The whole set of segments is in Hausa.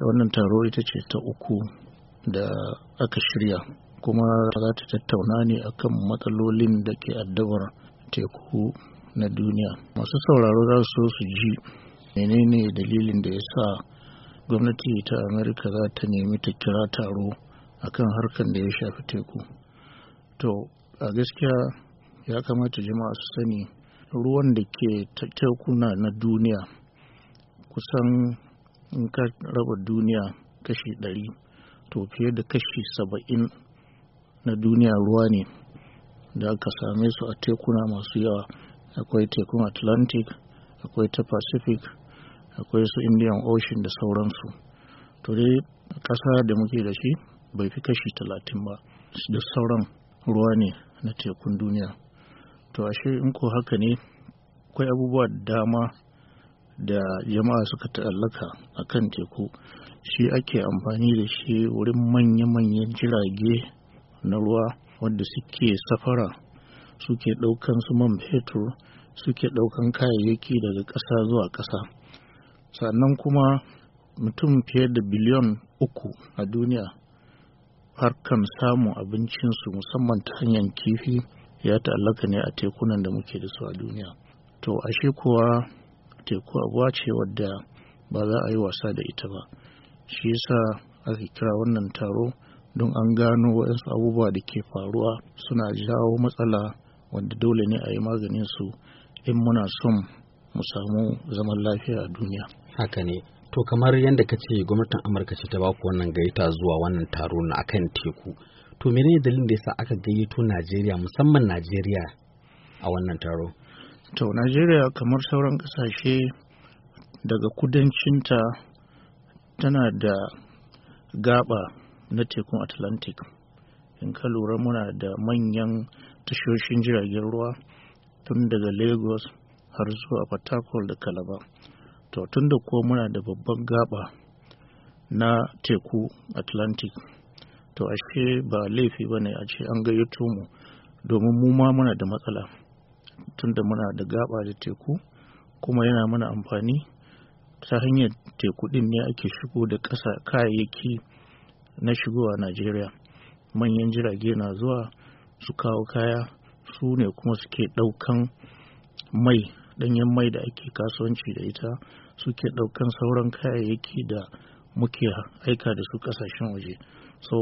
wannan taro ita ce ta uku da aka shirya kuma za ta tattauna ne akan matsalolin da ke addabar teku na duniya masu sauraro za su su ji menene dalilin da ya sa gwamnati ta amerika za ta nemi ta kira taro akan harkar da ya shafi teku to a gaskiya ya kamata jama'a su sani ruwan da ke tekuna na duniya kusan in ka raba duniya kashi ɗari to fiye da kashi saba'in na duniya ruwa ne da aka same su a tekuna masu yawa akwai tekun atlantic akwai ta pacific akwai su indian ocean da sauransu to dai ƙasa da muke da shi bai fi kashi talatin ba da sauran ruwa ne na tekun duniya to ashe in ko haka ne akwai abubuwa dama da jama'a suka ta'allaka a kan teku shi ake amfani da shi wurin manya-manyan jirage na ruwa wanda suke safara suke ɗaukan su man fetur suke ɗaukan kayayyaki daga ƙasa zuwa ƙasa sannan kuma mutum fiye da biliyon uku a duniya harkan samun abincinsu musamman ta hanyar kifi ya ta'allaka ne a tekunan da muke da su a duniya to ashe kuwa teku abuwa ce wadda ba za a yi wasa da ita ba shi yasa aka kira wannan taro don an gano waɗansu abubuwa da ke faruwa suna jawo matsala wanda dole ne a yi maganin su in muna son mu samu zaman lafiya a duniya haka ne to kamar yadda ka ce gwamnatin amurka ce ta baku wannan gaita zuwa wannan taro na akan teku to menene dalilin da yasa aka gayyato najeriya musamman najeriya a wannan taro to najeriya kamar sauran kasashe daga kudancinta tana da gaba na tekun atlantic in ka lura muna da manyan tashoshin jiragen ruwa tun daga lagos har zuwa port da kalaba to tun da kuwa muna da babban gaba na teku atlantic to ashe ba laifi ba ne a ce an gayyato mu domin muma muna da matsala tunda muna da gaba da teku kuma yana mana amfani ta hanyar teku ɗin ne ake shigo da ƙasa kayayyaki na shigowa najeriya manyan jirage na zuwa su kawo kaya su ne kuma suke ɗaukan mai ɗanyen mai da ake kasuwanci da ita suke ɗaukan sauran kayayyaki da muke aika da su ƙasashen waje so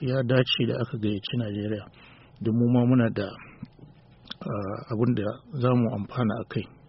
ya dace da aka gayyaci najeriya domin ma muna da abin da za mu amfana a kai